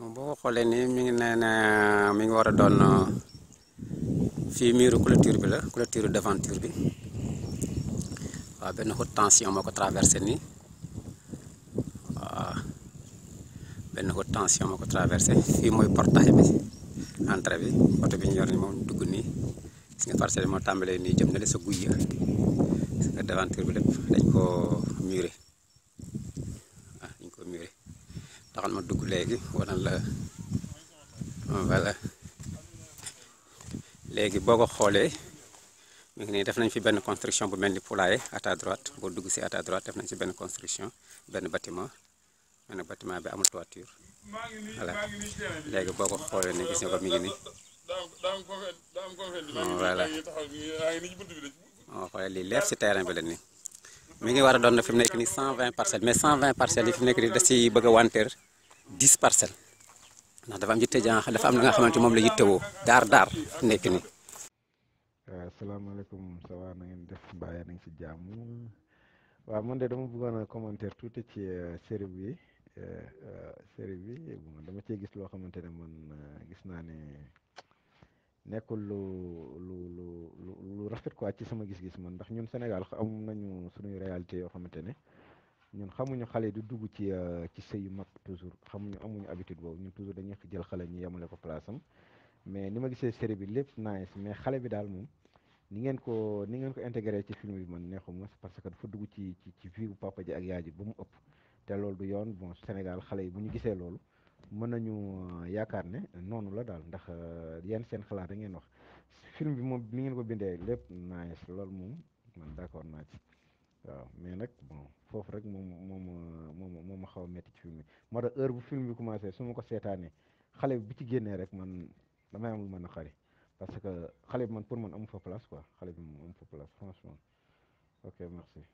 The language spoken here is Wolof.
moom boo ko xoolee nii mi ngi nee ne mi ngi war a doon euh, fii miiru clôture bi la clôture devanture bi waaw benn haute tension moo ko traversé nii waaw benn haute tension moo ko traversé fii mooy portail bi entrée bi oto bi ñu yor nii moom dugg nii gis nga parcelle bi moo tàmbalee nii jëm na la sa guy ya gis nga devanture bi lépp dañ koo miiré taxal ma dugg léegi wala la voilà léegi boo ko xoolee mu ngi nii def nañ fi benn construction bu mel ni poulailler à droite boo dugg si à ta droite def nañ si benn construction benn bâtiment ma ne bâtiment bi amul toiture léegi boo ko xoolee ne gis nga ko mi ngi nii voilà boo xoolee lii leer bi la nii ngi war a doon na fi nekk nii 120 parcelles mais 120 parcelles yi fi nekk nii da si bëgg wanteer dix parcelles ndax dafa am yitte jàng dafa am na nga xamante moom la yittewoo daar daar nekk nii. waaw euh, asalaamaaleykum ça va na ngeen def mbaa yaa ngi si jaamu waaw man de dama bëggoon a commentaire tuuti ci euh, série bi euh, série bi dama cee gis loo xamante ne man gis naa ne nekkul lu lu lu lu rafet quoi ci sama gis-gis man ndax ñun Sénégal am nañu suñuy réalité yoo xamante ne. ñun xamuñu xale du dugg ci euh, ci sëy yu mag toujours xamuñu amuñu habitude boobu ñun toujours dañuy jël xale ñu yemale ko place mais ni ma gisee série bi lépp nice mais xale bi daal moom ni ngeen ko ni ngeen ko intégré ci film bi man neexuma parce que dafa dugg ci ci ci vie bu papa ji ak yaay ji ba mu ëpp te loolu du yoon bon Sénégal xale yi bu ñu gisee loolu mën nañu euh, yaakaar ne noonu la daal ndax euh, yéen seen xalaat da ngeen wax film bi moom ni ngeen ko bindee lépp nice loolu moom man d'accord naa ci waaw mais nag bon foofu rek moom moom moom moom ma xaw a métti ci film bi moo heure bu film bi commencé su ma ko seetaanee xale bi ci génnee rek man damay am lu mën a xari parce que xale bi man pour man amu fa place quoi xale bi moom amu fa place franchement ok merci.